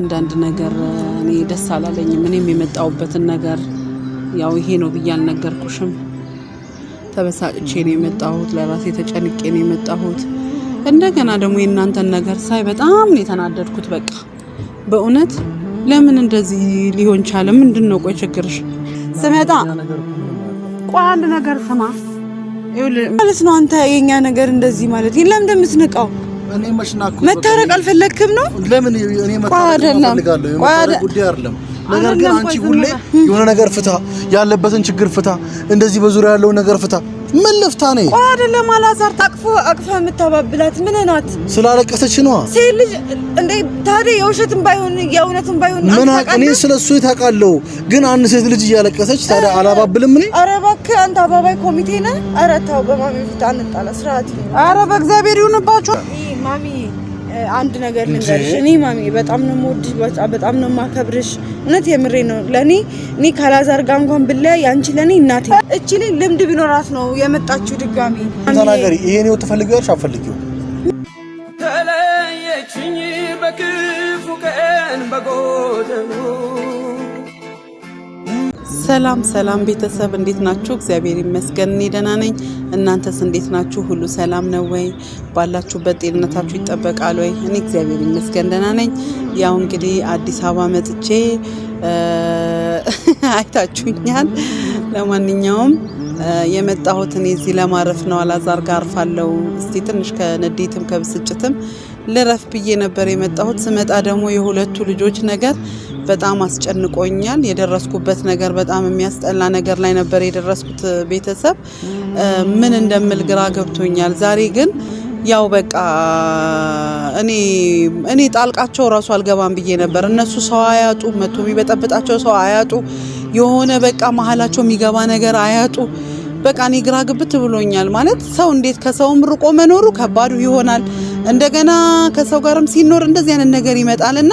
አንዳንድ ነገር እኔ ደስ አላለኝም። እኔም የመጣሁበትን ነገር ያው ይሄ ነው ብዬ አልነገርኩሽም። ተበሳጭቼ ነው የመጣሁት። ለራሴ ተጨንቄ ነው የመጣሁት። እንደገና ደግሞ የእናንተን ነገር ሳይ በጣም ነው የተናደድኩት። በቃ በእውነት ለምን እንደዚህ ሊሆን ቻለ? ምንድን ነው ቆይ ችግርሽ? ስመጣ ቆይ አንድ ነገር ስማ ማለት ነው አንተ የኛ ነገር እንደዚህ ማለት ለምን እንደምትንቀው እኔ መሽናኩ መታረቅ አልፈለግክም ነው? ለምን እኔ ጉዳይ አይደለም። ነገር ግን አንቺ ሁሌ የሆነ ነገር ፍታ፣ ያለበትን ችግር ፍታ፣ እንደዚህ በዙሪያ ያለውን ነገር ፍታ ምን ልፍታ ነኝ? ቆይ አይደለም አላዛር ታቅፎ አቅፎ የምታባብላት ምን ናት? ስላለቀሰች ነዋ። ሴት ልጅ እንዴ ታዲያ የውሸትም ባይሆን የእውነትም ባይሆን ምን እኔ ስለ እሱ ታውቃለሁ። ግን አንድ ሴት ልጅ እያለቀሰች ታዲያ አላባብልም እኔ? ኧረ እባክህ አንተ አባባይ ኮሚቴ ነህ። ኧረ ተው በማሚ ፊት አንጣላ። ስርዓት። ኧረ በእግዚአብሔር ይሁንባችሁ ማሚ አንድ ነገር ልንገርሽ፣ እኔ ማሚ በጣም ነው የምወድሽ፣ በጣም ነው የማከብርሽ። እውነት የምሬ ነው። ለእኔ እኔ ካላዛር ጋር እንኳን ብለያይ አንቺ ለእኔ እናቴ። እቺ ልምድ ቢኖራት ነው የመጣችው ድጋሚ። ተናገሪ፣ ይሄን ህይወት ትፈልጊዋለሽ አትፈልጊውም? ሰላም ሰላም ቤተሰብ እንዴት ናችሁ? እግዚአብሔር ይመስገን እኔ ደህና ነኝ። እናንተስ እንዴት ናችሁ? ሁሉ ሰላም ነው ወይ? ባላችሁበት ጤንነታችሁ ይጠበቃል ወይ? እኔ እግዚአብሔር ይመስገን ደህና ነኝ። ያው እንግዲህ አዲስ አበባ መጥቼ አይታችሁኛል። ለማንኛውም የመጣሁትን እዚህ ለማረፍ ነው። አላዛር ጋር አርፋለሁ። እስቲ ትንሽ ከንዴትም ከብስጭትም ልረፍ ብዬ ነበር የመጣሁት። ስመጣ ደግሞ የሁለቱ ልጆች ነገር በጣም አስጨንቆኛል። የደረስኩበት ነገር በጣም የሚያስጠላ ነገር ላይ ነበር የደረስኩት። ቤተሰብ ምን እንደምል ግራ ገብቶኛል። ዛሬ ግን ያው በቃ እኔ እኔ ጣልቃቸው እራሱ አልገባም ብዬ ነበር። እነሱ ሰው አያጡ፣ መቶ የሚበጠብጣቸው ሰው አያጡ፣ የሆነ በቃ መሀላቸው የሚገባ ነገር አያጡ። በቃ እኔ ግራ ግብት ብሎኛል። ማለት ሰው እንዴት ከሰውም ርቆ መኖሩ ከባዱ ይሆናል። እንደገና ከሰው ጋርም ሲኖር እንደዚህ አይነት ነገር ይመጣልና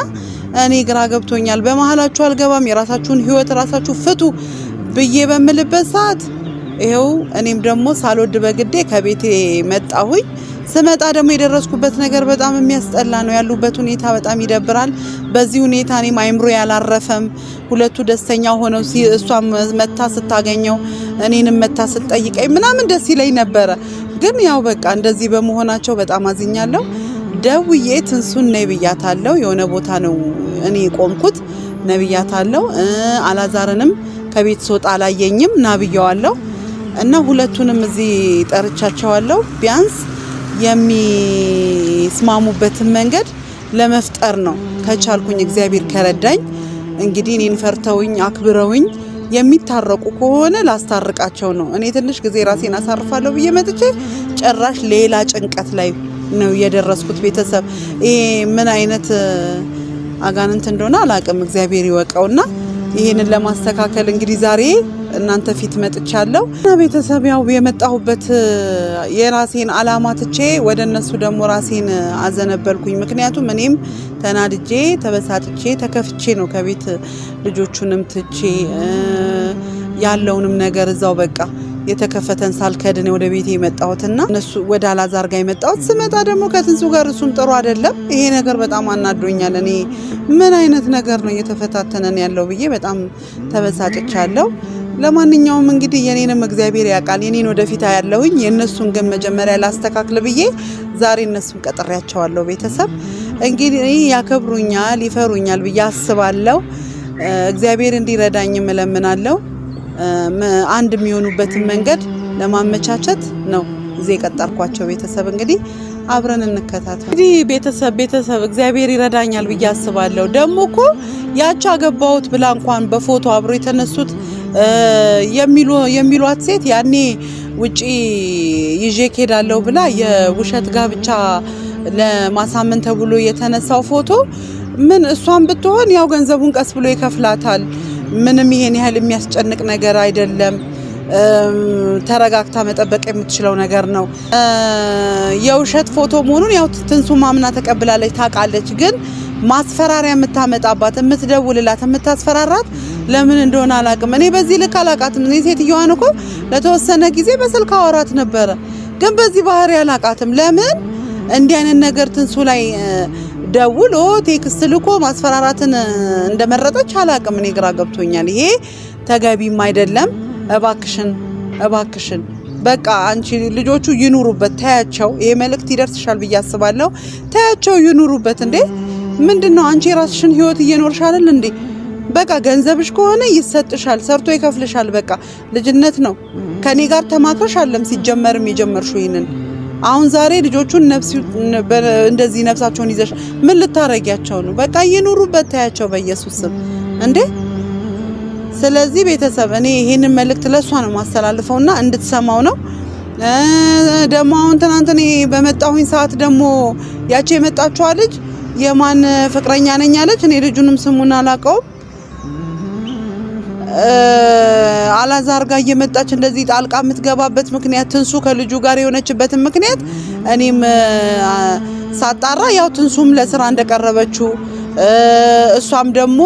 እኔ ግራ ገብቶኛል። በመሀላችሁ አልገባም፣ የራሳችሁን ህይወት ራሳችሁ ፍቱ ብዬ በምልበት ሰዓት ይኸው እኔም ደግሞ ሳልወድ በግዴ ከቤቴ መጣሁኝ። ስመጣ ደግሞ የደረስኩበት ነገር በጣም የሚያስጠላ ነው። ያሉበት ሁኔታ በጣም ይደብራል። በዚህ ሁኔታ እኔም አይምሮ ያላረፈም። ሁለቱ ደስተኛ ሆነው እሷም መታ ስታገኘው እኔንም መታ ስትጠይቀኝ ምናምን ደስ ይለኝ ነበረ። ግን ያው በቃ እንደዚህ በመሆናቸው በጣም አዝኛለሁ። ደውዬ ትንሱን ነይ ብያታለሁ። የሆነ ቦታ ነው እኔ የቆምኩት ነብያታለሁ። አላዛርንም ከቤት ስወጣ አላየኝም ናብየዋለሁ እና ሁለቱንም እዚህ ጠርቻቸዋለሁ ቢያንስ የሚስማሙበትን መንገድ ለመፍጠር ነው። ከቻልኩኝ እግዚአብሔር ከረዳኝ እንግዲህ እኔን ፈርተውኝ አክብረውኝ የሚታረቁ ከሆነ ላስታርቃቸው ነው። እኔ ትንሽ ጊዜ ራሴን አሳርፋለሁ ብዬ መጥቼ ጭራሽ ሌላ ጭንቀት ላይ ነው የደረስኩት። ቤተሰብ ይሄ ምን አይነት አጋንንት እንደሆነ አላቅም፣ እግዚአብሔር ይወቀውና ይህንን ለማስተካከል እንግዲህ ዛሬ እናንተ ፊት መጥቻለሁ እና ቤተሰብ ያው የመጣሁበት የራሴን አላማ ትቼ ወደ እነሱ ደግሞ ራሴን አዘነበልኩኝ። ምክንያቱም እኔም ተናድጄ ተበሳጭቼ ተከፍቼ ነው ከቤት ልጆቹንም ትቼ ያለውንም ነገር እዛው በቃ የተከፈተን ሳልከድን ወደ ቤቴ የመጣሁትና እነሱ ወደ አላዛር ጋር የመጣሁት ስመጣ ደግሞ ከትንሱ ጋር እሱም ጥሩ አይደለም። ይሄ ነገር በጣም አናዶኛል። እኔ ምን አይነት ነገር ነው እየተፈታተነን ያለው ብዬ በጣም ተበሳጭቻለሁ። ለማንኛውም እንግዲህ የኔንም እግዚአብሔር ያውቃል። የኔን ወደፊት ያለሁኝ የእነሱን ግን መጀመሪያ ላስተካክል ብዬ ዛሬ እነሱን ቀጥሬያቸዋለሁ። ቤተሰብ እንግዲህ ያከብሩኛል፣ ይፈሩኛል ብዬ አስባለሁ። እግዚአብሔር እንዲረዳኝም እለምናለሁ። አንድ የሚሆኑበትን መንገድ ለማመቻቸት ነው እዚህ የቀጠርኳቸው። ቤተሰብ እንግዲህ አብረን እንከታተል። እንግዲህ ቤተሰብ ቤተሰብ እግዚአብሔር ይረዳኛል ብዬ አስባለሁ። ደግሞ እኮ ያቺ አገባሁት ብላ እንኳን በፎቶ አብሮ የተነሱት የሚሏት ሴት ያኔ ውጪ ይዤ እሄዳለሁ ብላ የውሸት ጋብቻ ለማሳመን ተብሎ የተነሳው ፎቶ ምን እሷን ብትሆን ያው ገንዘቡን ቀስ ብሎ ይከፍላታል። ምንም ይሄን ያህል የሚያስጨንቅ ነገር አይደለም። ተረጋግታ መጠበቅ የምትችለው ነገር ነው። የውሸት ፎቶ መሆኑን ያው ትንሱ ማምና ተቀብላለች፣ ታውቃለች ግን ማስፈራሪያ የምታመጣባት የምትደውልላት የምታስፈራራት ለምን እንደሆነ አላቅም እኔ በዚህ ልክ አላቃትም እኔ ሴትዮዋን እኮ ለተወሰነ ጊዜ በስልክ አወራት ነበረ፣ ግን በዚህ ባህሪ አላቃትም ለምን እንዲህ አይነት ነገር ትንሱ ላይ ደውሎ ቴክስት ልኮ ማስፈራራትን እንደመረጠች አላውቅም። እኔ ግራ ገብቶኛል። ይሄ ተገቢም አይደለም። እባክሽን እባክሽን በቃ አንቺ ልጆቹ ይኑሩበት፣ ታያቸው። ይሄ መልእክት ይደርስሻል ብዬ አስባለሁ። ታያቸው ይኑሩበት እንዴ ምንድን ነው አንቺ የራስሽን ህይወት እየኖርሽ አይደል እንዴ? በቃ ገንዘብሽ ከሆነ ይሰጥሻል፣ ሰርቶ ይከፍልሻል። በቃ ልጅነት ነው። ከኔ ጋር ተማክረሽ አለም ሲጀመርም የጀመርሽው ይህንን አሁን ዛሬ ልጆቹን እንደዚህ ነፍሳቸውን ይዘሽ ምን ልታረጊያቸው ነው? በቃ እየኖሩበት ታያቸው በኢየሱስ ስም እንዴ። ስለዚህ ቤተሰብ እኔ ይሄንን መልእክት ለሷ ነው ማስተላልፈውና እንድትሰማው ነው። ደግሞ አሁን ትናንት እኔ በመጣሁኝ ሰዓት ደግሞ ያቺ የመጣችዋ ልጅ የማን ፍቅረኛ ነኝ አለች። እኔ ልጁንም ስሙን አላውቀውም። አላዛር ጋር እየመጣች እንደዚህ ጣልቃ የምትገባበት ምክንያት ትንሱ ከልጁ ጋር የሆነችበትን ምክንያት እኔም ሳጣራ ያው ትንሱም ለስራ እንደቀረበችው እሷም ደግሞ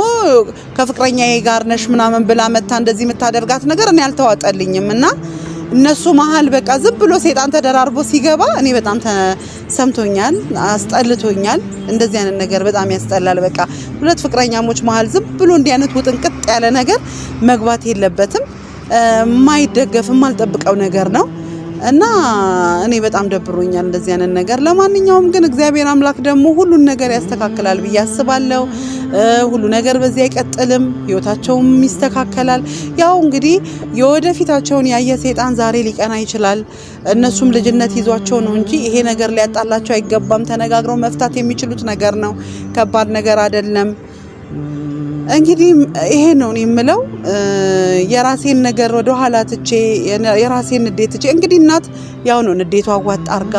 ከፍቅረኛዬ ጋር ነሽ ምናምን ብላ መታ እንደዚህ የምታደርጋት ነገር እኔ አልተዋጠልኝም እና እነሱ መሀል በቃ ዝም ብሎ ሴጣን ተደራርቦ ሲገባ እኔ በጣም ሰምቶኛል፣ አስጠልቶኛል። እንደዚህ አይነት ነገር በጣም ያስጠላል። በቃ ሁለት ፍቅረኛሞች መሀል ዝም ብሎ እንዲህ አይነት ውጥንቅጥ ያለ ነገር መግባት የለበትም። የማይደገፍ የማልጠብቀው ነገር ነው። እና እኔ በጣም ደብሮኛል እንደዚህ አይነት ነገር። ለማንኛውም ግን እግዚአብሔር አምላክ ደግሞ ሁሉን ነገር ያስተካክላል ብዬ አስባለሁ። ሁሉ ነገር በዚህ አይቀጥልም፣ ህይወታቸውም ይስተካከላል። ያው እንግዲህ የወደፊታቸውን ያየ ሰይጣን ዛሬ ሊቀና ይችላል። እነሱም ልጅነት ይዟቸው ነው እንጂ ይሄ ነገር ሊያጣላቸው አይገባም። ተነጋግረው መፍታት የሚችሉት ነገር ነው። ከባድ ነገር አይደለም። እንግዲህ ይሄ ነው የምለው። የራሴን ነገር ወደ ኋላ ትቼ የራሴን ንዴት ትቼ እንግዲህ እናት ያው ነው ንዴቷ ዋጥ አርጋ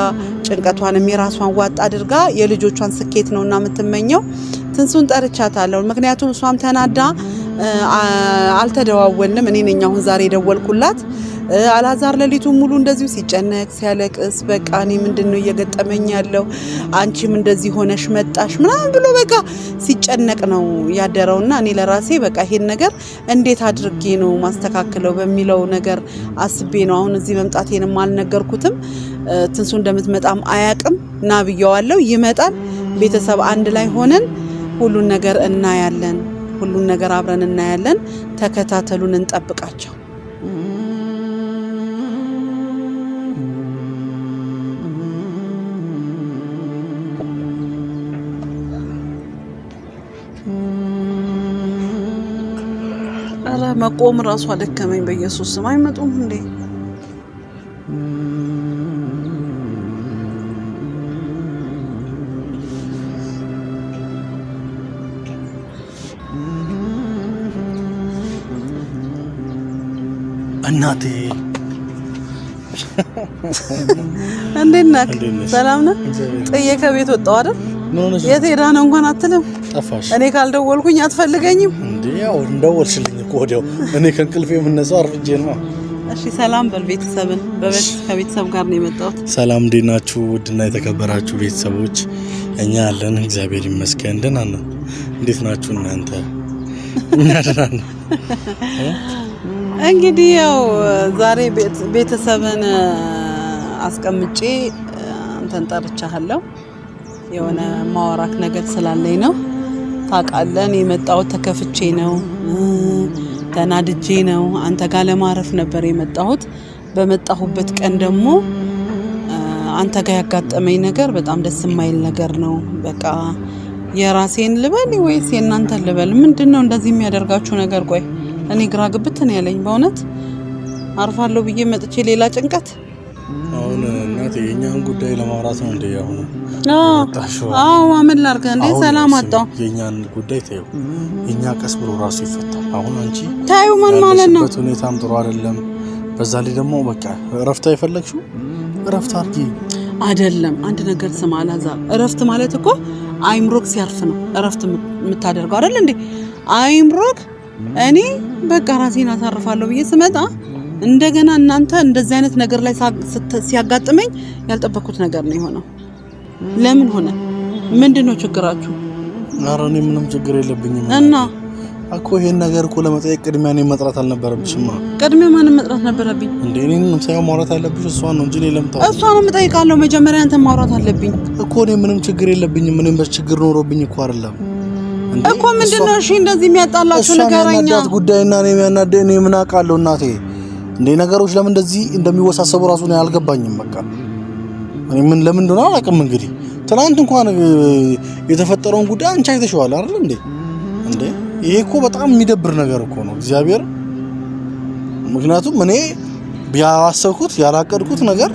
ጭንቀቷንም የራሷን ዋጥ አድርጋ የልጆቿን ስኬት ነውና የምትመኘው። ትንሱን ጠርቻታለሁ። ምክንያቱም እሷም ተናዳ አልተደዋወልንም። እኔ ነኝ አሁን ዛሬ የደወልኩላት። አላዛር ሌሊቱ ሙሉ እንደዚሁ ሲጨነቅ ሲያለቅስ፣ በቃ እኔ ምንድን ነው እየገጠመኝ ያለው አንቺም እንደዚህ ሆነሽ መጣሽ ምናምን ብሎ በቃ ሲጨነቅ ነው ያደረውና እኔ ለራሴ በቃ ይሄን ነገር እንዴት አድርጌ ነው ማስተካከለው በሚለው ነገር አስቤ ነው አሁን እዚህ መምጣቴንም አልነገርኩትም። ትንሱ እንደምትመጣም አያቅም እና ብየዋለው። ይመጣል። ቤተሰብ አንድ ላይ ሆነን ሁሉን ነገር እናያለን። ሁሉን ነገር አብረን እናያለን። ተከታተሉን፣ እንጠብቃቸው። ኧረ መቆም ራሱ አደከመኝ። በኢየሱስ ስም አይመጡም እንዴ? እናቴ እንዴት ነህ? ሰላም ነህ? ጥዬ ከቤት ወጣሁ አይደል? የት ሄዳ ነው እንኳን አትልም። እኔ ካልደወልኩኝ አትፈልገኝም። ያው እንደወልሽልኝ እኮ ወዲያው። እኔ ከእንቅልፌ የምነሳው አርፍጄ ነው። እሺ ሰላም በል ቤተሰብን። ከቤተሰብ ጋር ነው የመጣሁት። ሰላም እንዴት ናችሁ? ውድና የተከበራችሁ ቤተሰቦች፣ እኛ ያለን እግዚአብሔር ይመስገን ደህና ነን። እንዴት ናችሁ እናንተ? እኛ ደህና ነን። እንግዲህ ያው ዛሬ ቤተሰብን አስቀምጬ አንተን ጠርቻለሁ። የሆነ ማወራክ ነገር ስላለኝ ነው። ታውቃለህ፣ የመጣሁት ተከፍቼ ነው፣ ተናድጄ ነው። አንተ ጋር ለማረፍ ነበር የመጣሁት። በመጣሁበት ቀን ደግሞ አንተ ጋር ያጋጠመኝ ነገር በጣም ደስ የማይል ነገር ነው። በቃ የራሴን ልበል ወይስ የእናንተን ልበል? ምንድን ነው እንደዚህ የሚያደርጋችሁ ነገር? ቆይ እኔ ግራ ግብት ነው ያለኝ በእውነት አርፋለሁ ብዬ መጥቼ ሌላ ጭንቀት አሁን እናቴ የእኛን ጉዳይ ለማውራት ነው እንዴ? አሁን አዎ አምን ላድርግ እንዴ ሰላም አጣው የእኛን ጉዳይ ታዩ የእኛ ቀስ ብሎ ራሱ ይፈታል አሁን አንቺ ታዩ ምን ማለት ነው ሁኔታም ጥሩ አይደለም በዛ ላይ ደግሞ በቃ እረፍት አይፈለግሽው እረፍት አርጊ። አይደለም አንድ ነገር ስም አላዛ እረፍት ማለት እኮ አይምሮክ ሲያርፍ ነው እረፍት የምታደርገው አይደል እንዴ አይምሮክ እኔ በቃ ራሴን አሳርፋለሁ ብዬ ስመጣ እንደገና እናንተ እንደዚህ አይነት ነገር ላይ ሲያጋጥመኝ ያልጠበኩት ነገር ነው የሆነው። ለምን ሆነ? ምንድን ነው ችግራችሁ? ኧረ እኔ ምንም ችግር የለብኝም። እና እኮ ይሄን ነገር እኮ ለመጠየቅ ቅድሚያ እኔን መጥራት አልነበረብሽማ። ቅድሚያ ማንም መጥራት ነበረብኝ እንዴ? እኔን ሳይሆን ማውራት ያለብሽ እሷን ነው እንጂ ሌላም ታው እሷን ነው መጀመሪያ አንተ ማውራት አለብኝ እኮ። እኔ ምንም ችግር የለብኝም። እኔም በችግር ኖሮብኝ እኮ አይደለም እኮ ምንድን ነው? እሺ እንደዚህ የሚያጣላችሁ ንገረኛ። ጉዳይና እኔ እኔ ምን አውቃለሁ እናቴ። እንዴ ነገሮች ለምን እንደዚህ እንደሚወሳሰቡ ራሱ ነው ያልገባኝም። በቃ እኔ ምን ለምን እንደሆነ አላውቅም። እንግዲህ ትናንት እንኳን የተፈጠረውን ጉዳይ አንቺ አይተሽዋል አይደል እንዴ? እንዴ ይሄ እኮ በጣም የሚደብር ነገር እኮ ነው እግዚአብሔር። ምክንያቱም እኔ ያላሰብኩት ያላቀድኩት ነገር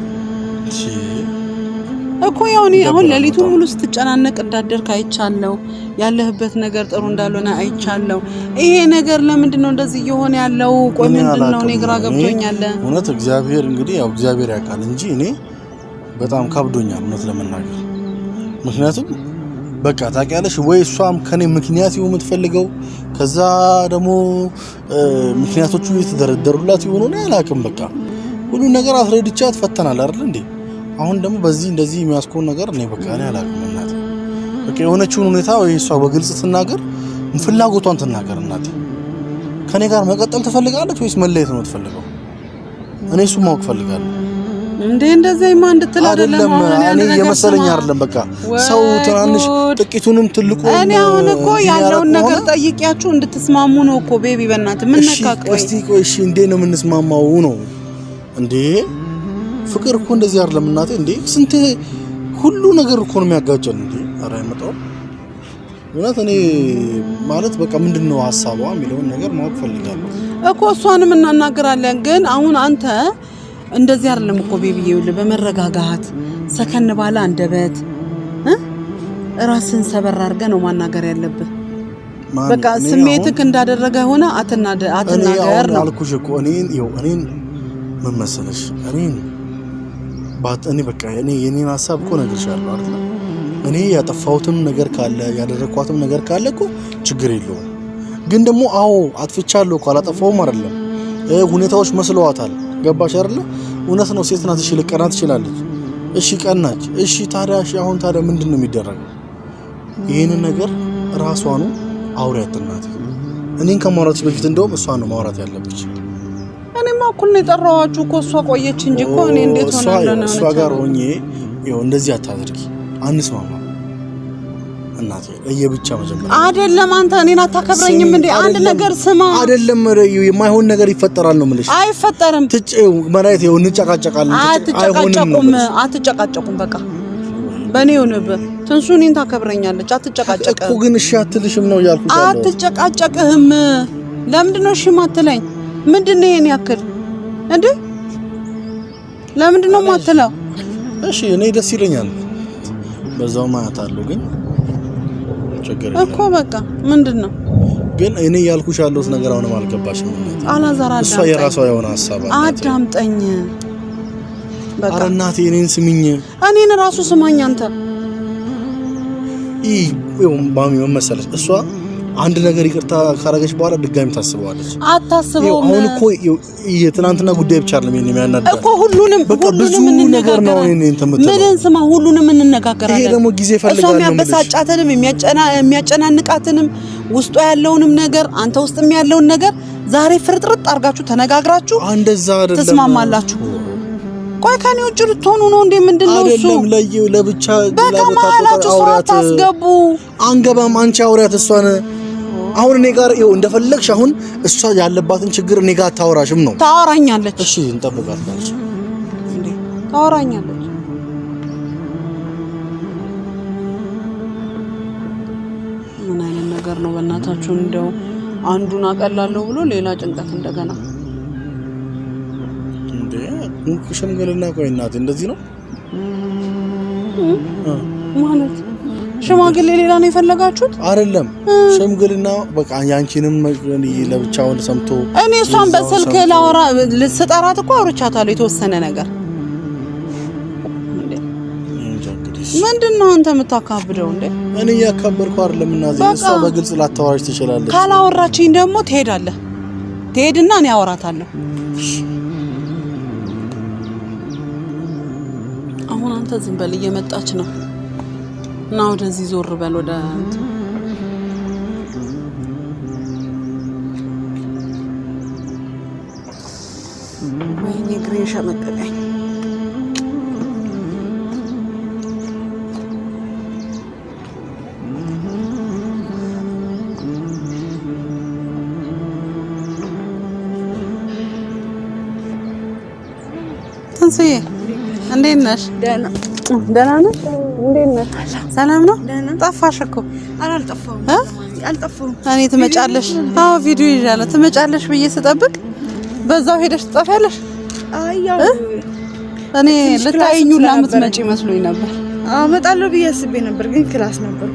እኮ ያው እኔ አሁን ሌሊቱን ሙሉ ስትጨናነቅ እንዳደርክ አይቻለሁ። ያለህበት ነገር ጥሩ እንዳልሆነ አይቻለሁ። ይሄ ነገር ለምንድን ነው እንደዚህ እየሆነ ያለው? ቆይ ምንድን ነው? እኔ ግራ ገብቶኛል እውነት። እግዚአብሔር እንግዲህ ያው እግዚአብሔር ያውቃል እንጂ እኔ በጣም ከብዶኛል እውነት ለመናገር ምክንያቱም በቃ ታውቂያለሽ ወይ እሷም ከኔ ምክንያት ይሁን የምትፈልገው ከዛ ደግሞ ምክንያቶቹ የተደረደሩላት ይሆኑ እኔ አላውቅም። በቃ ሁሉ ነገር አስረድቻት ፈተናል አይደል እንዴ አሁን ደግሞ በዚህ እንደዚህ የሚያስኮን ነገር እኔ በቃ እኔ አላውቅም። እናቴ በቃ የሆነችውን ሁኔታ ወይ እሷ በግልጽ ትናገር፣ ፍላጎቷን ትናገር። እናቴ ከኔ ጋር መቀጠል ትፈልጋለች ወይስ መለየት ነው ትፈልገው? እኔ እሱ ማወቅ ፈልጋለሁ። እንዴ እንደዚህ ማ እንድትል አይደለም እኔ የመሰለኝ አይደለም። በቃ ሰው ትናንሽ ጥቂቱንም ትልቁ እኔ አሁን እኮ ያለውን ነገር ጠይቂያችሁ እንድትስማሙ ነው እኮ ቤቢ። በእናትህ ምን ነካቀኝ? እስቲ ቆይ እሺ፣ እንዴ ነው የምንስማማው ነው እንዴ ፍቅር እኮ እንደዚህ አይደለም እናቴ። እንዴ ስንት ሁሉ ነገር እኮ ነው የሚያጋጨን። እንዴ ኧረ አይመጣውም። እውነት እኔ ማለት በቃ ምንድን ነው ሀሳቧ የሚለውን ነገር ማወቅ ፈልጋለሁ እኮ እሷንም እናናገራለን። ግን አሁን አንተ እንደዚህ አይደለም እኮ ቤቢዬ፣ ይኸውልህ በመረጋጋት ሰከን ባለ አንደበት ራስን ሰበር አድርገህ ነው ማናገር ያለብህ። በቃ ስሜትክ እንዳደረገ ሆነ አትናገር ነው አልኩሽ እኮ እኔን እኔን ምን መሰለሽ እኔን እኔ በቃ እኔ የኔን ሀሳብ እኮ ነግርሻለሁ አይደል? እኔ ያጠፋሁትም ነገር ካለ ያደረኳትም ነገር ካለ እኮ ችግር የለውም። ግን ደግሞ አዎ አጥፍቻለሁ እኮ አላጠፋሁም አይደለም። ሁኔታዎች መስለዋታል። ገባሽ አይደለ? እውነት ነው። ሴት ናት። እሺ ልቀና ትችላለች። እሺ ቀናች። እሺ ታዲያ እሺ አሁን ታዲያ ምንድን ነው የሚደረገው? ይህንን ነገር ራሷኑ አውሪያት እናት። እኔን ከማውራት በፊት እንደውም እሷ ነው ማውራት ያለበት? እኔማ እኩል ነው የጠራኋችሁ እኮ እሷ ቆየች እንጂ እኮ እኔ እንዴት ሆነ እሷ ጋር ሆኜ ይኸው እንደዚህ አታድርጊ፣ አንስማማ እናቴ መጀመሪያ አይደለም። አንተ እኔን አታከብረኝም እንዴ? አንድ ነገር ስማ። አይደለም የማይሆን ነገር ይፈጠራል ነው የምልሽ። አይፈጠርም። እንጨቃጨቃለን። አትጨቃጨቁም፣ አትጨቃጨቁም። በቃ በእኔ ትንሱ እኔን ታከብረኛለች። እኮ ግን እሺ አትልሽም ነው አትጨቃጨቅህም። ለምንድን ነው እሺ የማትለኝ? ምንድን ነው ይሄን ያክል እንዴ? ለምንድን ነው የማትለው? እሺ እኔ ደስ ይለኛል፣ በዛው ማያት አለው ግን ችግር እኮ በቃ ምንድን ነው ግን እኔ ያልኩሽ ያለሁት ነገር አሁንም አልገባሽም። አላዛር እሷ የራሷ የሆነ ሀሳብ አዳምጠኝ። በቃ እናቴ እኔን ስምኝ፣ እኔን ራሱ ስማኝ አንተ። ይሄ ማሚ መሰለች እሷ አንድ ነገር ይቅርታ ካረገች በኋላ ድጋሚ ታስበዋለች። አታስበውም። አሁን እኮ የትናንትና ጉዳይ ብቻ አይደለም ይሄን የሚያናድድ እኮ ሁሉንም ሁሉንም ነገር ነው። ምንን ስማ፣ ሁሉንም እንነጋገራለን። ይሄ ደግሞ ጊዜ ፈልጋ እሷ የሚያበሳጫትንም የሚያጨናንቃትንም ውስጧ ያለውንም ነገር አንተ ውስጥም ያለውን ነገር ዛሬ ፍርጥርጥ አርጋችሁ ተነጋግራችሁ እንደዛ አይደለም ተስማማላችሁ። ቆይ ከኔ ውጭ ልትሆኑ ነው እንዴ? ምንድን ነው እሱ? ለብቻ በቃ መሀላችሁ ሰው አንገባም። አንቺ አውሪያት እሷን አሁን እኔ ጋር ይኸው እንደፈለግሽ አሁን እሷ ያለባትን ችግር እኔ ጋር አታወራሽም ነው። ታወራኛለች። እሺ እንጠብቃታለች። እንዴ ታወራኛለች። ምን አይነት ነገር ነው በእናታችሁ? እንደው አንዱን አቀላለሁ ብሎ ሌላ ጭንቀት እንደገና እንዴ ሽምግልና። ቆይ እናቴ እንደዚህ ነው ማለት ሽማግሌ ሌላ ነው የፈለጋችሁት? አይደለም ሽምግልና በቃ ያንቺንም ለብቻውን ሰምቶ እኔ እሷን በስልክ ላወራ ስጠራት እኮ አውርቻታለሁ የተወሰነ ነገር። ምንድን ነው አንተ የምታካብደው እንዴ? እኔ እያካበድኩ አይደለም። እና እሷ በግልጽ ላታወራሽ ትችላለች። ካላወራችኝ ደግሞ ትሄዳለህ። ትሄድና እኔ አወራታለሁ። አሁን አንተ ዝም በል፣ እየመጣች ነው እና ወደዚህ ዞር በል ወደ ወይኔ እግሬን ሸመቀቀኝ። ትንስዬ እንዴት ነሽ? ደህና ነሽ? ሰላም ነው? ጠፋሽ እኮ። እኔ ትመጫለሽ? አዎ ቪዲዮ ይዣለሁ። ትመጫለሽ ብዬ ስጠብቅ በዛው ሄደሽ ትጠፊያለሽ። እኔ ልታይኝ ሁላ የምትመጪ መስሎኝ ነበር። እመጣለሁ ብዬ አስቤ ነበር፣ ግን ክላስ ነበር።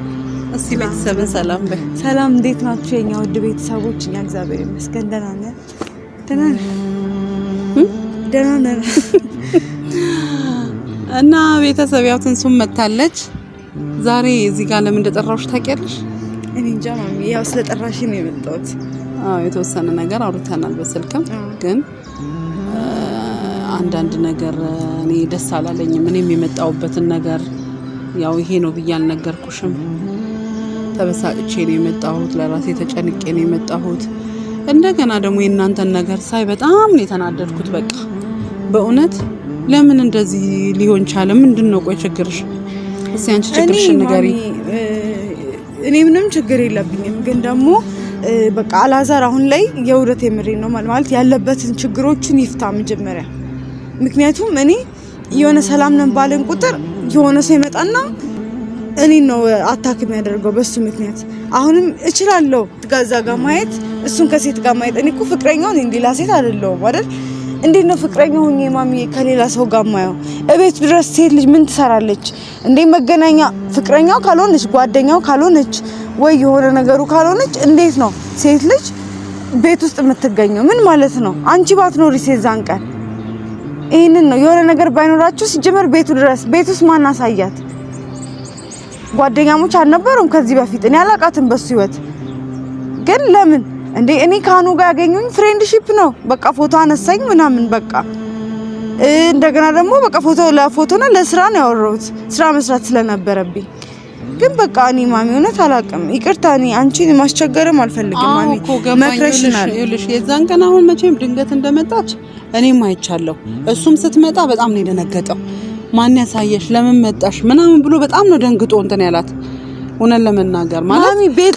እስቲ ቤተሰብን ሰላም በይ። ሰላም እንዴት ናችሁ የኛ ውድ ቤተሰቦች? እኛ እግዚአብሔር ይመስገን ደህና ነን፣ ደህና ነን፣ ደህና ነን። እና ቤተሰብ ያው ትንሱም መታለች። ዛሬ እዚህ ጋር ለምን እንደጠራሁሽ ታውቂያለሽ? እኔ እንጃ ማሚ፣ ያው ስለጠራሽ ነው የመጣሁት። አዎ የተወሰነ ነገር አውርተናል በስልክም ግን አንዳንድ ነገር እኔ ደስ አላለኝም። እኔም የመጣሁበትን ነገር ያው ይሄ ነው ብዬ አልነገርኩሽም። ተበሳጭቼ ነው የመጣሁት። ለራሴ ተጨንቄ ነው የመጣሁት። እንደገና ደግሞ የእናንተን ነገር ሳይ በጣም ነው የተናደድኩት። በቃ በእውነት ለምን እንደዚህ ሊሆን ቻለ? ምንድን ነው ቆይ ችግርሽ? እስኪ አንቺ ችግርሽን ንገሪ። እኔ ምንም ችግር የለብኝም፣ ግን ደግሞ በቃ አላዛር አሁን ላይ የውደት የምሬ ነው ማለት ያለበትን ችግሮችን ይፍታ መጀመሪያ። ምክንያቱም እኔ የሆነ ሰላም ነን ባለን ቁጥር የሆነ ሰው ይመጣና እኔን ነው አታክ የሚያደርገው በሱ ምክንያት። አሁንም እችላለሁ ጋዛ ጋር ማየት እሱን ከሴት ጋር ማየት። እኔ እኮ ፍቅረኛውን እንዲላ ሴት አይደለሁም አይደል እንዴት ነው ፍቅረኛ ሆኜ ማሚዬ ከሌላ ሰው ጋር ማየው? እቤት ድረስ ሴት ልጅ ምን ትሰራለች እንዴ? መገናኛ ፍቅረኛው ካልሆነች ጓደኛው ካልሆነች ወይ የሆነ ነገሩ ካልሆነች እንዴት ነው ሴት ልጅ ቤት ውስጥ የምትገኘው? ምን ማለት ነው? አንቺ ባትኖሪ ሴዛን ቀን ይህንን ነው የሆነ ነገር ባይኖራችሁ ሲጀመር ቤቱ ድረስ ቤት ውስጥ ማን አሳያት? ጓደኛሞች አልነበሩም ከዚህ በፊት እኔ አላቃትም በሱ ህይወት ግን ለምን እንዴ እኔ ካኑ ጋር ያገኙኝ ፍሬንድሺፕ ነው። በቃ ፎቶ አነሳኝ ምናምን በቃ እንደገና ደግሞ በቃ ፎቶ ለፎቶና ለስራ ነው ያወራሁት ስራ መስራት ስለነበረብኝ። ግን በቃ እኔ ማሚ እውነት አላውቅም። ይቅርታ እኔ አንቺን ማስቸገርም አልፈልግም ማሚ። መክረሽናል ይልሽ የዛን ቀን አሁን መቼም ድንገት እንደመጣች እኔም አይቻለሁ። እሱም ስትመጣ በጣም ነው የደነገጠው። ማን ያሳየሽ ለምን መጣሽ ምናምን ብሎ በጣም ነው ደንግጦ እንትን ያላት እውነት ለመናገር ማለት ቤት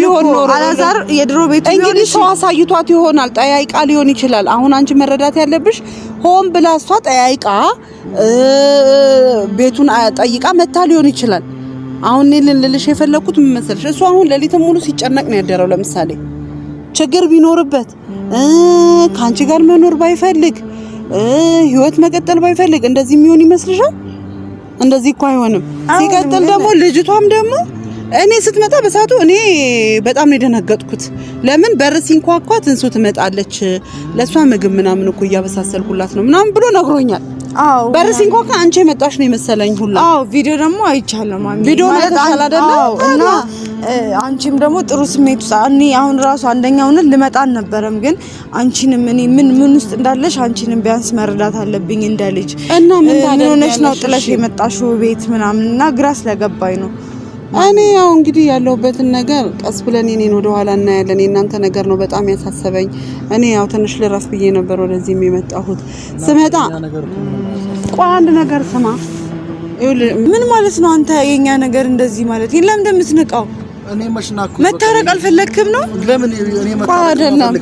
ሊሆን ኖሮ አላዛር የድሮ ቤቱ እንግዲህ ሰው አሳይቷት ይሆናል፣ ጠያይቃ ሊሆን ይችላል። አሁን አንቺ መረዳት ያለብሽ ሆን ብላ እሷ ጠያይቃ ቤቱን ጠይቃ መታ ሊሆን ይችላል። አሁን እኔ ልልልሽ የፈለኩት ምን መሰለሽ፣ እሱ አሁን ሌሊት ሙሉ ሲጨነቅ ነው ያደረው። ለምሳሌ ችግር ቢኖርበት ከአንቺ ጋር መኖር ባይፈልግ ህይወት መቀጠል ባይፈልግ እንደዚህ የሚሆን ይመስልሻል? እንደዚህ እኮ አይሆንም። ሲቀጥል ደግሞ ልጅቷም ደግሞ እኔ ስትመጣ በሰዓቱ እኔ በጣም ነው የደነገጥኩት። ለምን በር ሲንኳኳ ትንሱ ትመጣለች፣ ለእሷ ምግብ ምናምን እኮ እያበሳሰልኩላት ነው ምናምን ብሎ ነግሮኛል። አዎ በር ሲንኳኳ አንቺ የመጣሽ ነው የመሰለኝ ሁላ። አዎ ቪዲዮ ደግሞ አይቻለሁ ማሚ፣ ቪዲዮ ማለት አይደለ? እና አንቺም ደግሞ ጥሩ ስሜት ውስጥ እኔ አሁን ራሱ አንደኛውን ልመጣ አልነበረም፣ ግን አንቺንም እኔ ምን ምን ውስጥ እንዳለሽ አንቺንም ቢያንስ መረዳት አለብኝ እንደ ልጅ። እና ምን ታደርነሽ ነው ጥለሽ የመጣሽው ቤት ምናምን እና ግራ ስለገባኝ ነው። እኔ ያው እንግዲህ ያለሁበትን ነገር ቀስ ብለን የኔን ወደ ኋላ እናያለን። የእናንተ ነገር ነው በጣም ያሳሰበኝ። እኔ ያው ትንሽ ልረፍ ብዬ ነበር ወደዚህ የመጣሁት ስመጣ ቆይ አንድ ነገር ስማ። ምን ማለት ነው አንተ? የኛ ነገር እንደዚህ ማለት የለም እንደምትንቀው እኔ መሽናኩ መታረቅ አልፈለክም ነው? ለምን እኔ መታረቅ አይደለም።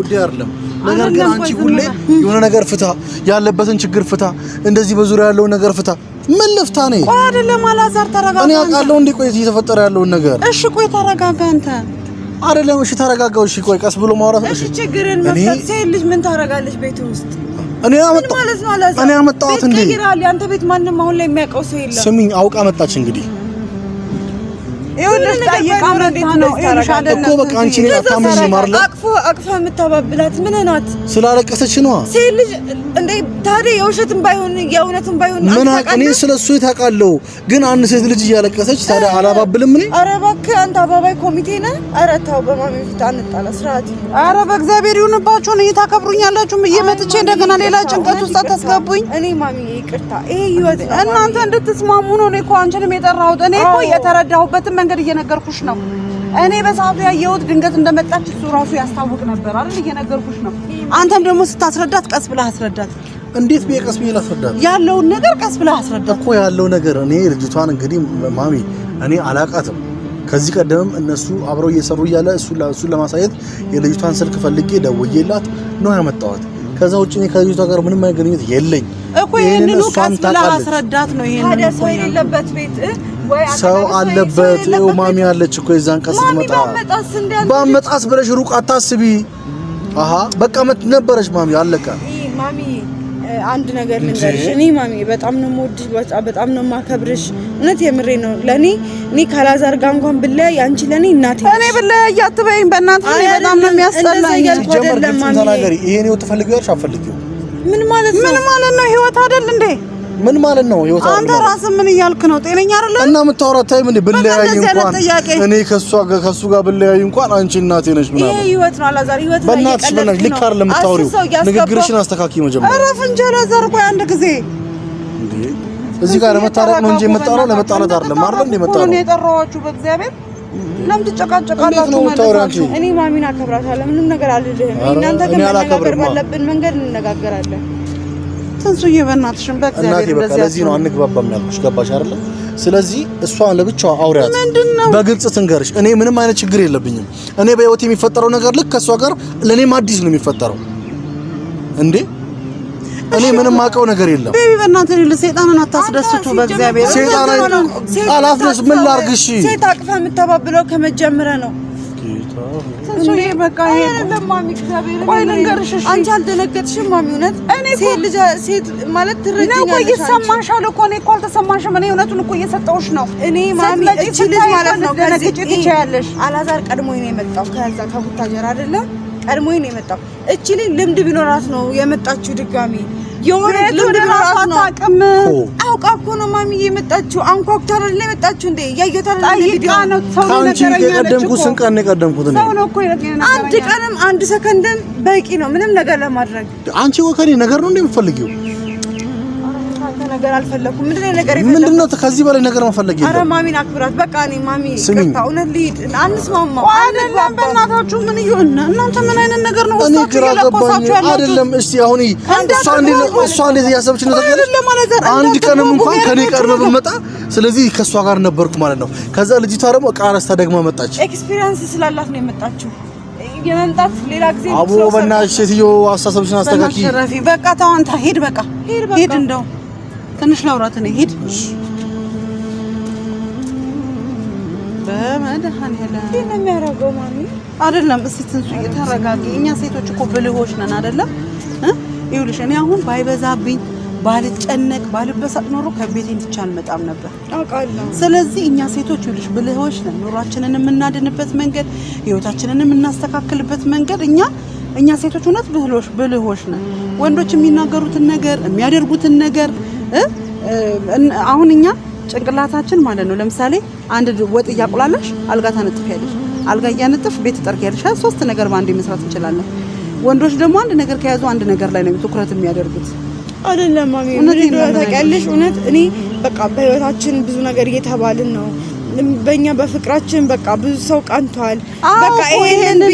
ጉዳይ ነገር ግን አንቺ ሁሌ የሆነ ነገር ፍታ፣ ያለበትን ችግር ፍታ፣ እንደዚህ በዙሪያ ያለውን ነገር ፍታ። ምን ልፍታ ነኝ? ቆይ አይደለም አላዛር ተረጋጋ። እኔ አውቃለሁ እንዴ ቆይ እየተፈጠረ ያለውን ነገር። እሺ ቆይ ተረጋጋ አንተ አይደለም። እሺ ተረጋጋው። እሺ ቆይ ቀስ ብሎ ማውራት። እሺ ችግርን መፍታት ልጅ ምን ታረጋለች ቤት ውስጥ እኔ አመጣኋት እንዴ? ቤት ማንም አሁን ላይ የሚያውቀው ሰው የለም። ስሚኝ፣ አውቃ መጣች እንግዲህ አቅፎ አቅፋ የምታባብላት ምን ናት? ስላለቀሰች ነዋ። ሴት ልጅ እንደ ታዲያ የውሸትም ባይሆን የእውነትም ባይሆን ምን እኔ ስለ እሱ የታውቃለሁ፣ ግን አንድ ሴት ልጅ እያለቀሰች ታዲያ አላባብልም እኔ? ኧረ እባክህ አንተ አባባይ ኮሚቴ ነህ። ኧረ ተው በማሚ ፊት አንጣላ፣ ስርዓት ኧረ በእግዚአብሔር ይሁንባችሁን። እየታከብሩኛላችሁ እየመጥቼ እንደገና ሌላ ጭንቀት ውስጥ አታስገቡኝ። እኔ ማሚ ይቅርታ፣ ይሄ ይወጥ እናንተ እንድትስማሙ ነው። እኔ እኮ አንቺንም የጠራሁት እኔ እኮ የተረዳሁበትም መንገድ እየነገርኩሽ ነው። እኔ በሰዓቱ ያየሁት ድንገት እንደመጣች እሱ ራሱ ያስታውቅ ነበር አይደል? እየነገርኩሽ ነው። አንተም ደግሞ ስታስረዳት ቀስ ብለህ አስረዳት። እንዴት ብዬ ቀስ ብዬ ላስረዳት? ያለውን ነገር ቀስ ብለህ አስረዳት እኮ ያለው ነገር። እኔ ልጅቷን እንግዲህ ማሚ እኔ አላቃትም ከዚህ ቀደምም እነሱ አብረው እየሰሩ እያለ እሱን ለማሳየት የልጅቷን ስልክ ፈልጌ ደውዬላት ነው ያመጣዋት። ከዛ ውጭ እኔ ከልጅቷ ጋር ምንም አይነት የለኝ እኮ። ይህንኑ ቀስ ብለህ አስረዳት ነው ይሄንን ሰው የሌለበት ቤት ሰው አለበት። ይኸው ማሚ አለች እኮ የዛን ቀን ስትመጣ ባመጣስ ብለሽ ሩቅ አታስቢ። አሀ በቃ መት ነበረች ማሚ አለቀ። ማሚ አንድ ነገር ልንገርሽ፣ እኔ ማሚ በጣም ነው የምወድሽ፣ በጣም ነው የማከብርሽ። እውነት የምሬ ነው። ለእኔ እኔ ካላዛር ጋር እንኳን ብለያይ አንቺ ለእኔ እናቴ እኔ ብለያይ አትበይኝ በእናትሽ፣ እኔ በጣም ነው የሚያስጠላኝ። ጀመር ተናገሪ። ይሄን ይኸው ትፈልጊዋለሽ፣ አትፈልጊውም? ምን ማለት ነው? ምን ማለት ነው? ህይወት አይደል እንዴ? ምን ማለት ነው? ይወታ አንተ ራስህ ምን እያልክ ነው? ጤነኛ አይደለም እና የምታወራት ታይም እንደ ብለያይ እንኳን እኔ ከሷ ጋር ከሱ ጋር ብለያይ እንኳን አንቺ እናቴ ነሽ ምናምን። ይሄ ህይወት ነው አላዛር፣ ህይወት ነው። በእናትሽ በእናትሽ ልክ አይደለም የምታወሪው። ንግግርሽን አስተካኪ መጀመሪያ። ኧረ ፍንጀል አዛር፣ ቆይ አንድ ጊዜ እዚህ ጋር ለመታረቅ ነው እንጂ የመጣነው ለመጣላት አይደለም። አይደል እንዴ መጣነው እኔ የጠራኋችሁ። በእግዚአብሔር ለምን ትጨቃጨቃላችሁ? እኔ ማሚን አከብራታለሁ፣ ምንም ነገር አልልህም። እናንተ ግን መነጋገር ባለብን መንገድ እንነጋገራለን። ትንሱዬ በእናትሽን በእግዚአብሔር እንደዚህ ለዚህ ነው አንግባባም ያልኩሽ። ገባሽ አይደለ? ስለዚህ እሷ ለብቻዋ አውሪያት፣ በግልጽ ትንገርሽ። እኔ ምንም አይነት ችግር የለብኝም። እኔ በህይወት የሚፈጠረው ነገር ልክ ከእሷ ጋር ለእኔም አዲስ ነው የሚፈጠረው። እንዴ እኔ ምንም አውቀው ነገር የለም። ቤቢ በእናትህ ልል ሰይጣንን አታስደስቱ። በእግዚአብሔር ሰይጣን አላስደስ ምን ላርግሽ? ሴት አቅፋ የምተባብለው ከመጀመሪያ ነው አንቺ አልደነገጥሽም? ማሚ እውነት ሴት ማለት ትረጂኛለሽ። እየሰማሻል እኮ እኔ እኮ አልተሰማሽም። እኔ እውነቱን እኮ እየሰጠሁሽ ነው። እኔ ማሚ እቺ ልጅ ማለት ነው አላዛር ቀድሞኝ ነው የመጣው ከዛ ከቡታጀር አይደለ? ቀድሞኝ ነው የመጣው። እቺ ልጅ ልምድ ቢኖራት ነው የመጣችው ድጋሚ የሆነ ልምድ ቢኖራት ነው አውቃ እኮ ነው ማሚዬ አንኳኩታ እንዴ? ነው አንድ ቀንም አንድ ሰከንድም በቂ ነው ምንም ነገር ለማድረግ። አንቺ ነገር ነው እንደምፈልጊው ነገር አልፈለኩም። ምንድነው ነገር ምንድነው ከዚህ በላይ ነገር መፈለግ የለም። ኧረ ማሚን አክብራት። በቃ እኔ ማሚ ይቅርታ፣ እውነት ልሂድ። አንስማማም አይደለም። በእናታችሁ ምን ይሁን እናንተ? ምን አይነት ነገር ነው? እኔ ግራ ገባኝ። አይደለም እስቲ አሁን እሷ እንዴት እያሰበች ነው? አንድ ቀንም እንኳን ከኔ ቀርበ ብመጣ ስለዚህ ከእሷ ጋር ነበርኩ ማለት ነው። ከዛ ልጅቷ ደግሞ ዕቃ ረስታ ደግማ መጣች። ኤክስፒሪየንስ ስላላት ነው የመጣችው የመምጣት ሌላ ጊዜ አቦ፣ በእናትሽ ሴትዮ አስተሳሰብሽን አስተካኪ። በቃ ተው አንተ ሂድ፣ በቃ ሂድ እንደው ትንሽ ላውራት ነው። ሂድ በመድኃኒዓለም አይደለም። እስኪ ትንሱ እኛ ሴቶች እኮ ብልሆች ነን አይደለም? ይኸውልሽ እኔ አሁን ባይበዛብኝ ባልጨነቅ ባልበሳጥ ኖሮ ከቤቴ እንድቻ አልመጣም ነበር። ስለዚህ እኛ ሴቶች ልጅ ብልሆች ነን። ኑሯችንን የምናድንበት መንገድ፣ ህይወታችንን የምናስተካክልበት መንገድ እኛ እኛ ሴቶች እውነት ብልሆች ነን። ወንዶች የሚናገሩትን ነገር የሚያደርጉትን ነገር አሁን እኛ ጭንቅላታችን ማለት ነው። ለምሳሌ አንድ ወጥ እያቁላለሽ አልጋ ታነጥፍ ያለሽ አልጋ እያነጥፍ ቤት ያለሽ ሶስት ነገር በአንድ መስራት እንችላለን። ወንዶች ደግሞ አንድ ነገር ከያዙ አንድ ነገር ላይ ነው ትኩረት የሚያደርጉት። አይደለም ማሚ፣ ታውቂያለሽ፣ እውነት እኔ በቃ በህይወታችን ብዙ ነገር እየተባልን ነው በእኛ በፍቅራችን በቃ ብዙ ሰው ቀንቷል። በቃ ይሄንን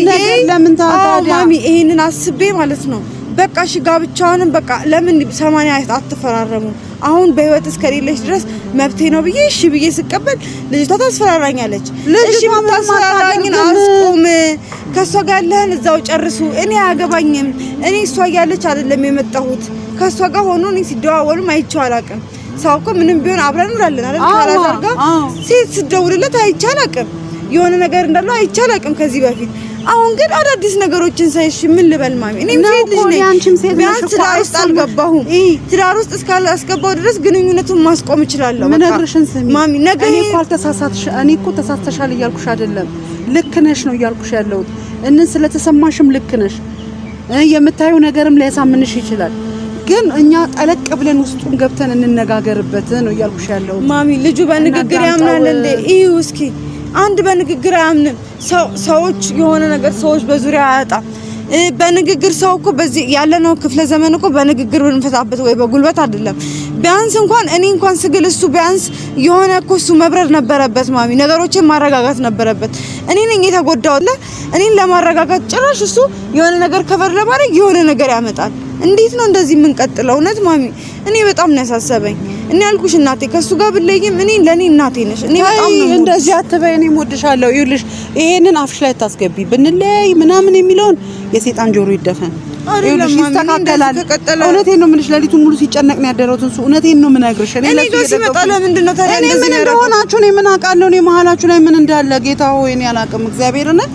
ለምን ታዲያ ማሚ ይሄንን አስቤ ማለት ነው በቃ እሺ ጋብቻውንም በቃ ለምን ሰማንያ አትፈራረሙ? አሁን በህይወት እስከሌለች ድረስ መብቴ ነው ብዬ እሺ ብዬ ስቀበል ልጅቷ ታስፈራራኛለች። እሺ ታስፈራራኝን አስቁም፣ ከእሷ ጋር ያለህን እዛው ጨርሱ፣ እኔ አያገባኝም። እኔ እሷ እያለች አይደለም የመጣሁት፣ ከእሷ ጋር ሆኖ እኔ ሲደዋወሉም አይቼው አላውቅም። ሰው እኮ ምንም ቢሆን አብረን እንውላለን አይደል? ካላዛር ጋር ሴት ስደውልለት አይቼ አላውቅም። የሆነ ነገር እንዳለው አይቼ አላውቅም ከዚህ በፊት አሁን ግን አዳዲስ ነገሮችን ሳይሽ ምን ልበል ማሚ? እኔም ሴት ልጅ ነኝ። ቢያንስ ትዳር ውስጥ አልገባሁም። ትዳር ውስጥ እስካላስገባሁ ድረስ ግንኙነቱን ማስቆም እችላለሁ። ምነግርሽን ስሚ ማሚ። ነገ እኔ እኮ አልተሳሳትሽ፣ እኔ እኮ ተሳስተሻል እያልኩሽ አይደለም፣ ልክ ነሽ ነው እያልኩሽ ያለሁት። እንን ስለተሰማሽም ልክ ነሽ። የምታየው ነገርም ሊያሳምንሽ ይችላል ግን እኛ ጠለቅ ብለን ውስጡን ገብተን እንነጋገርበት ነው እያልኩሽ ያለሁት ማሚ። ልጁ በንግግር ያምናል እንዴ? ይህ እስኪ አንድ በንግግር አያምንም። ሰዎች የሆነ ነገር ሰዎች በዙሪያ አያጣም። በንግግር ሰው እኮ በዚህ ያለነው ክፍለ ዘመን እኮ በንግግር ብንፈታበት ወይ በጉልበት አይደለም። ቢያንስ እንኳን እኔ እንኳን ስግል እሱ ቢያንስ የሆነ እኮ እሱ መብረር ነበረበት፣ ማሚ ነገሮችን ማረጋጋት ነበረበት። እኔ ነኝ የተጎዳውለ እኔን ለማረጋጋት ጭራሽ እሱ የሆነ ነገር ከበር ለማድረግ የሆነ ነገር ያመጣል። እንዴት ነው እንደዚህ የምንቀጥለው? እውነት ማሚ፣ እኔ በጣም ነው ያሳሰበኝ። እኔ ያልኩሽ እናቴ ከሱ ጋር ብለይም እኔ ለኔ እናቴ ነሽ። እኔ በጣም ነው እንደዚህ አትበይ። እኔ እወድሻለሁ። ይኸውልሽ ይሄንን አፍሽ ላይ ታስገቢ ብንለያይ ምናምን የሚለውን የሴጣን ጆሮ ይደፈን። ይኸውልሽ ይስተካከላል። እውነቴን ነው የምልሽ። ሌሊቱን ሙሉ ሲጨነቅ ነው ያደረው ትንሱ። እውነቴን ነው የምነግርሽ። እኔ ጋር ሲመጣ ለምንድን ነው ታዲያ እኔ ምን እንደሆናችሁ እኔ ምን አውቃለሁ? እኔ መሀላችሁ ላይ ምን እንዳለ ጌታ ሆይ እኔ አላውቅም። እግዚአብሔር ነው